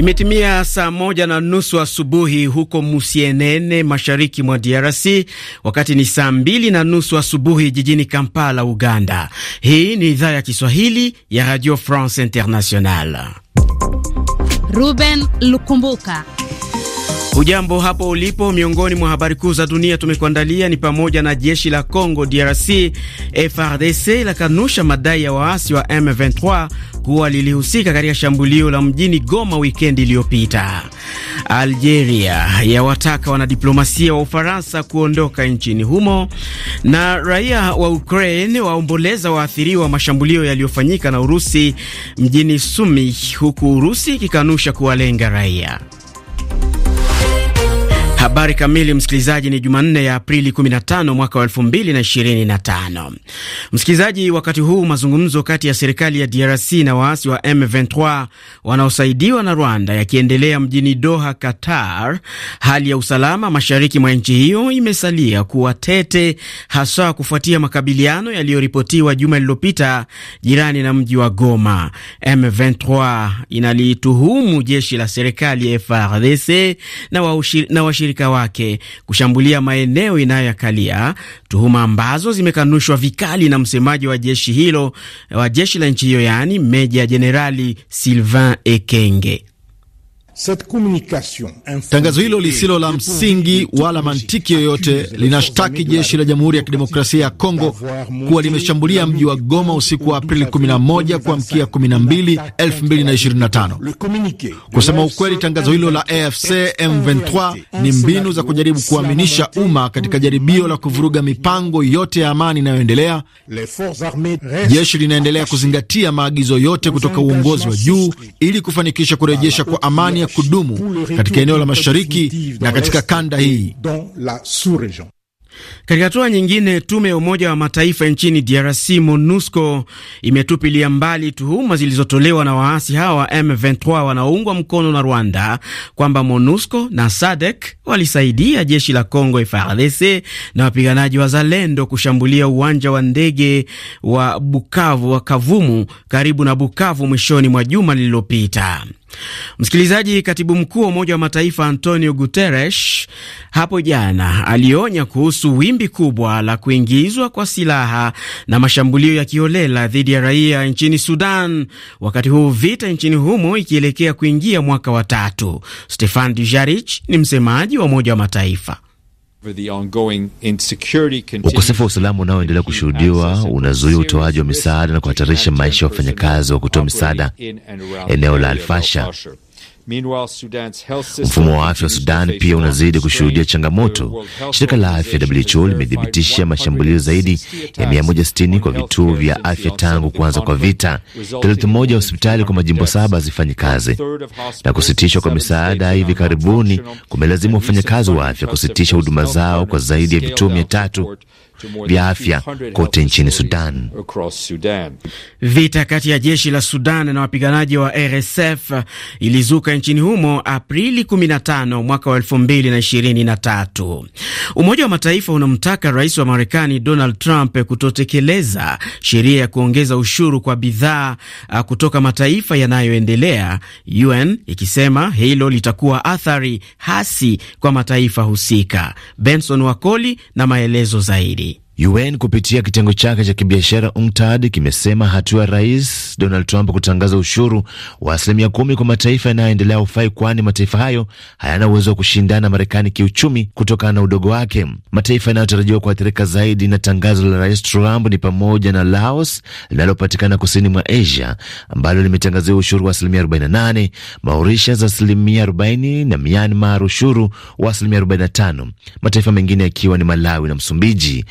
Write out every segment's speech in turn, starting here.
Imetimia saa moja na nusu asubuhi huko Musienene, mashariki mwa DRC, wakati ni saa mbili na nusu asubuhi jijini Kampala, Uganda. Hii ni idhaa ya Kiswahili ya Radio France Internationale. Ruben Lukumbuka Ujambo hapo ulipo. Miongoni mwa habari kuu za dunia tumekuandalia ni pamoja na jeshi la Congo DRC la lakanusha madai ya waasi wa M23 kuwa lilihusika katika shambulio la mjini Goma wikendi iliyopita. Algeria yawataka wanadiplomasia wa Ufaransa kuondoka nchini humo, na raia wa Ukraine waomboleza waathiriwa wa mashambulio yaliyofanyika na Urusi mjini Sumi, huku Urusi ikikanusha kuwalenga raia. Habari kamili, msikilizaji, ni Jumanne ya Aprili 15 mwaka wa 2025. Msikilizaji, wakati huu mazungumzo kati ya serikali ya DRC na waasi wa M23 wanaosaidiwa na Rwanda yakiendelea mjini Doha, Qatar, hali ya usalama mashariki mwa nchi hiyo imesalia kuwa tete, haswa kufuatia makabiliano yaliyoripotiwa juma lililopita jirani na mji wa Goma. M23 inalituhumu jeshi la serikali ya FARDC na washirika washirika wake kushambulia maeneo inayoyakalia, tuhuma ambazo zimekanushwa vikali na msemaji wa jeshi hilo wa jeshi la nchi hiyo, yaani meja jenerali Sylvain Ekenge. Tangazo hilo lisilo la msingi wala mantiki yoyote linashtaki jeshi la Jamhuri ya Kidemokrasia ya Kongo kuwa limeshambulia mji wa Goma usiku wa Aprili 11 kuamkia 12, 2025. Kusema ukweli, tangazo hilo la AFC M23 ni mbinu za kujaribu kuaminisha umma katika jaribio la kuvuruga mipango yote ya amani inayoendelea. Jeshi linaendelea kuzingatia maagizo yote kutoka uongozi wa juu ili kufanikisha kurejesha kwa amani ya kudumu katika eneo la mashariki na katika kanda hii. Katika hatua nyingine, tume ya Umoja wa Mataifa nchini DRC MONUSCO imetupilia mbali tuhuma zilizotolewa na waasi hawa wa M23 wanaoungwa mkono na Rwanda kwamba MONUSCO na SADC walisaidia jeshi la Congo FARDC na wapiganaji wa Zalendo kushambulia uwanja wa ndege wa Bukavu wa Kavumu karibu na Bukavu mwishoni mwa juma lililopita. Msikilizaji, katibu mkuu wa Umoja wa Mataifa Antonio Guterres hapo jana alionya kuhusu wimbi kubwa la kuingizwa kwa silaha na mashambulio ya kiholela dhidi ya raia nchini Sudan, wakati huu vita nchini humo ikielekea kuingia mwaka wa tatu. Stefan Dujarric ni msemaji wa Umoja wa Mataifa. Ukosefu wa usalama unaoendelea kushuhudiwa unazuia utoaji wa misaada na kuhatarisha maisha ya wafanyakazi wa kutoa misaada eneo la Alfasha. Mfumo wa afya wa Sudan pia unazidi kushuhudia changamoto. Shirika la afya WHO limethibitisha mashambulio zaidi ya 160 kwa vituo vya afya tangu kuanza kwa vita. Theluthi moja ya hospitali kwa majimbo saba hazifanyi kazi, na kusitishwa kwa misaada hivi karibuni kumelazimu wafanyakazi wa afya kusitisha huduma zao kwa zaidi ya vituo mia tatu vya afya kote nchini Sudan. Vita kati ya jeshi la Sudan na wapiganaji wa RSF ilizuka nchini humo Aprili 15 mwaka wa 2023. Umoja wa Mataifa unamtaka rais wa Marekani Donald Trump kutotekeleza sheria ya kuongeza ushuru kwa bidhaa uh, kutoka mataifa yanayoendelea, UN ikisema hilo litakuwa athari hasi kwa mataifa husika. Benson Wakoli na maelezo zaidi. UN kupitia kitengo chake cha kibiashara UNCTAD kimesema hatua ya Rais Donald Trump kutangaza ushuru wa asilimia kumi kwa mataifa yanayoendelea ufai kwani mataifa hayo hayana uwezo wa kushindana na Marekani kiuchumi kutokana na udogo wake. Mataifa yanayotarajiwa kuathirika zaidi na tangazo la Rais Trump ni pamoja na Laos linalopatikana kusini mwa Asia ambalo limetangaziwa ushuru wa asilimia 48, Mauritius asilimia 40 na Myanmar ushuru wa asilimia 45, mataifa mengine yakiwa ni Malawi na Msumbiji.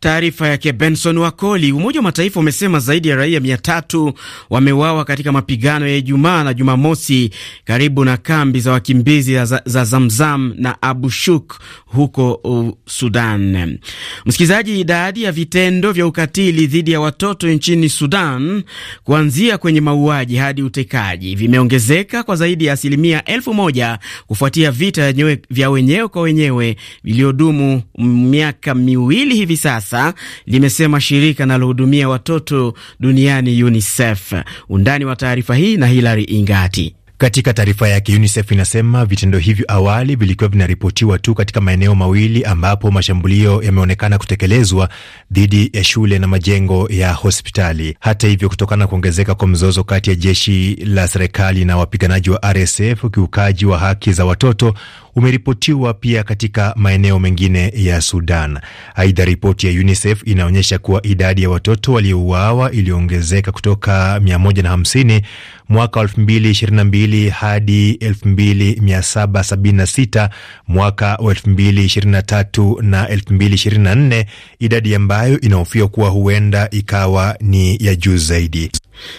Taarifa yake Benson Wakoli. Umoja wa Mataifa umesema zaidi ya raia mia tatu wameuawa katika mapigano ya Ijumaa na Jumamosi karibu na kambi za wakimbizi za, za Zamzam na Abu Shuk huko Sudan. Msikilizaji, idadi ya vitendo vya ukatili dhidi ya watoto nchini Sudan, kuanzia kwenye mauaji hadi utekaji, vimeongezeka kwa zaidi ya asilimia elfu moja kufuatia vita vya wenyewe kwa wenyewe viliyodumu miaka miwili hivi sasa Kinshasa limesema shirika linalohudumia watoto duniani UNICEF. Undani wa taarifa hii na Hilary Ingati. Katika taarifa yake UNICEF inasema vitendo hivyo awali vilikuwa vinaripotiwa tu katika maeneo mawili ambapo mashambulio yameonekana kutekelezwa dhidi ya shule na majengo ya hospitali. Hata hivyo, kutokana na kuongezeka kwa mzozo kati ya jeshi la serikali na wapiganaji wa RSF, ukiukaji wa haki za watoto umeripotiwa pia katika maeneo mengine ya Sudan. Aidha, ripoti ya UNICEF inaonyesha kuwa idadi ya watoto waliouawa iliongezeka kutoka 150 mwaka 2022 hadi 2776 mwaka wa 2023 na 2024, idadi ambayo inahofiwa kuwa huenda ikawa ni ya juu zaidi.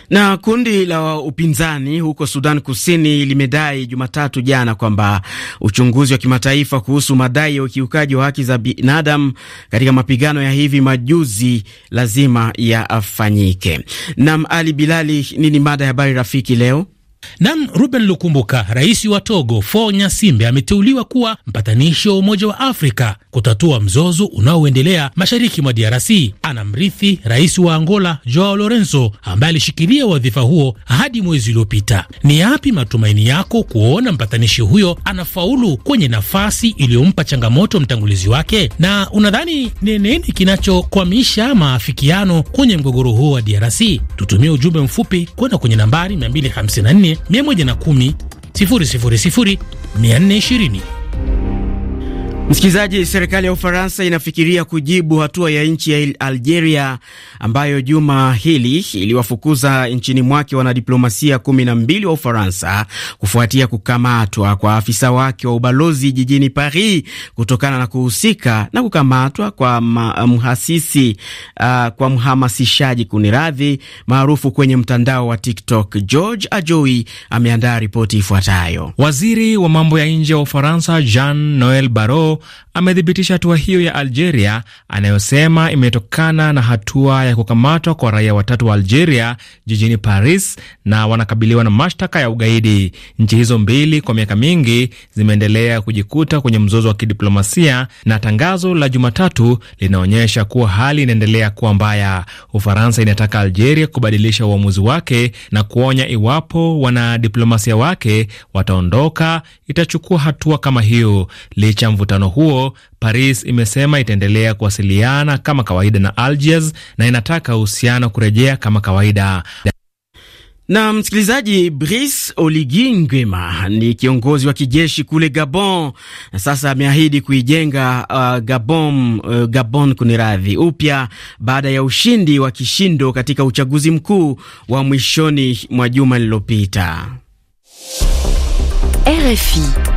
Na kundi la upinzani huko Sudan Kusini limedai Jumatatu jana kwamba uchunguzi wa kimataifa kuhusu madai ya ukiukaji wa haki za binadamu katika mapigano ya hivi majuzi lazima yafanyike. Nam Ali Bilali, nini mada ya habari rafiki leo? Nam Ruben Lukumbuka, rais wa Togo Faure Nyasimbe, ameteuliwa kuwa mpatanishi wa Umoja wa Afrika kutatua mzozo unaoendelea mashariki mwa DRC. Anamrithi rais wa Angola Joao Lorenzo ambaye alishikilia wadhifa huo hadi mwezi uliopita. Ni yapi matumaini yako kuona mpatanishi huyo anafaulu kwenye nafasi iliyompa changamoto mtangulizi wake, na unadhani ni nini kinachokwamisha maafikiano kwenye mgogoro huo wa DRC? Tutumie ujumbe mfupi kwenda kwenye nambari 254 110 000 420. Msikilizaji, serikali ya Ufaransa inafikiria kujibu hatua ya nchi ya Algeria ambayo juma hili iliwafukuza nchini mwake wanadiplomasia kumi na mbili wa Ufaransa kufuatia kukamatwa kwa afisa wake wa ubalozi jijini Paris kutokana na kuhusika na kukamatwa kwa mhasisi uh, kwa mhamasishaji kuniradhi maarufu kwenye mtandao wa TikTok. George Ajoi ameandaa ripoti ifuatayo. Waziri wa mambo ya nje wa Ufaransa Jean Noel Barrot amethibitisha hatua hiyo ya Algeria anayosema imetokana na hatua ya kukamatwa kwa raia watatu wa Algeria jijini Paris na wanakabiliwa na mashtaka ya ugaidi. Nchi hizo mbili kwa miaka mingi zimeendelea kujikuta kwenye mzozo wa kidiplomasia na tangazo la Jumatatu linaonyesha kuwa hali inaendelea kuwa mbaya. Ufaransa inataka Algeria kubadilisha uamuzi wake na kuonya iwapo wanadiplomasia wake wataondoka itachukua hatua kama hiyo, licha mvutano mkutano huo, Paris imesema itaendelea kuwasiliana kama kawaida na Algiers na inataka uhusiano kurejea kama kawaida. Na msikilizaji, Brice Oligui Nguema ni kiongozi wa kijeshi kule Gabon na sasa ameahidi kuijenga uh, Gabon, uh, Gabon kuniradhi upya baada ya ushindi wa kishindo katika uchaguzi mkuu wa mwishoni mwa juma lililopita. RFI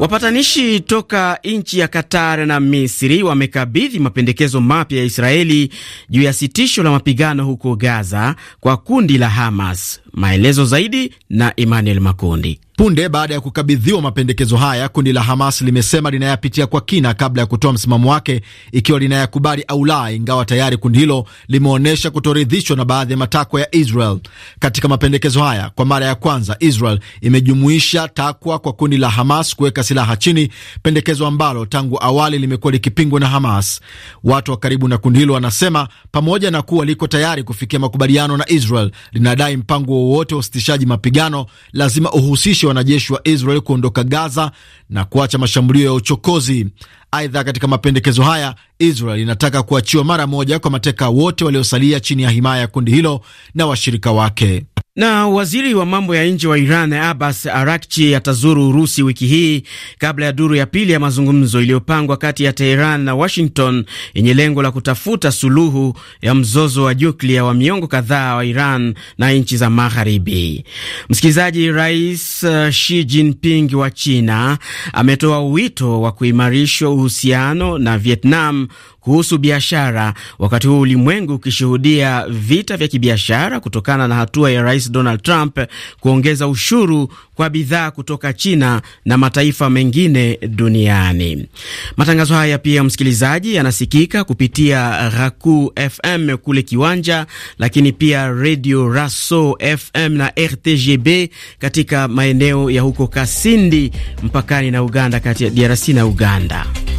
Wapatanishi toka nchi ya Qatar na Misri wamekabidhi mapendekezo mapya ya Israeli juu ya sitisho la mapigano huko Gaza kwa kundi la Hamas. Maelezo zaidi na Emmanuel Makundi. Punde baada ya kukabidhiwa mapendekezo haya, kundi la Hamas limesema linayapitia kwa kina kabla ya kutoa msimamo wake ikiwa linayakubali au la, ingawa tayari kundi hilo limeonyesha kutoridhishwa na baadhi ya matakwa ya Israel. Katika mapendekezo haya, kwa mara ya kwanza Israel imejumuisha takwa kwa kundi la Hamas kuweka silaha chini, pendekezo ambalo tangu awali limekuwa likipingwa na Hamas. Watu wa karibu na kundi hilo wanasema pamoja na kuwa liko tayari kufikia makubaliano na Israel, linadai mpango wowote wa usitishaji mapigano lazima uhusishe wanajeshi wa Israel kuondoka Gaza na kuacha mashambulio ya uchokozi. Aidha, katika mapendekezo haya Israel inataka kuachiwa mara moja kwa mateka wote waliosalia chini ya himaya ya kundi hilo na washirika wake. Na waziri wa mambo ya nje wa Iran Abbas Arakchi atazuru Urusi wiki hii kabla ya duru ya pili ya mazungumzo iliyopangwa kati ya Teheran na Washington yenye lengo la kutafuta suluhu ya mzozo wa nyuklia wa miongo kadhaa wa Iran na nchi za Magharibi. Msikilizaji, Rais uh, Xi Jinping wa China ametoa wito wa kuimarishwa uhusiano na Vietnam kuhusu biashara, wakati huu ulimwengu ukishuhudia vita vya kibiashara kutokana na hatua ya Rais Donald Trump kuongeza ushuru kwa bidhaa kutoka China na mataifa mengine duniani. Matangazo haya pia, msikilizaji, yanasikika kupitia Raku FM kule Kiwanja, lakini pia Radio Raso FM na RTGB katika maeneo ya huko Kasindi mpakani na Uganda, kati ya DRC na Uganda.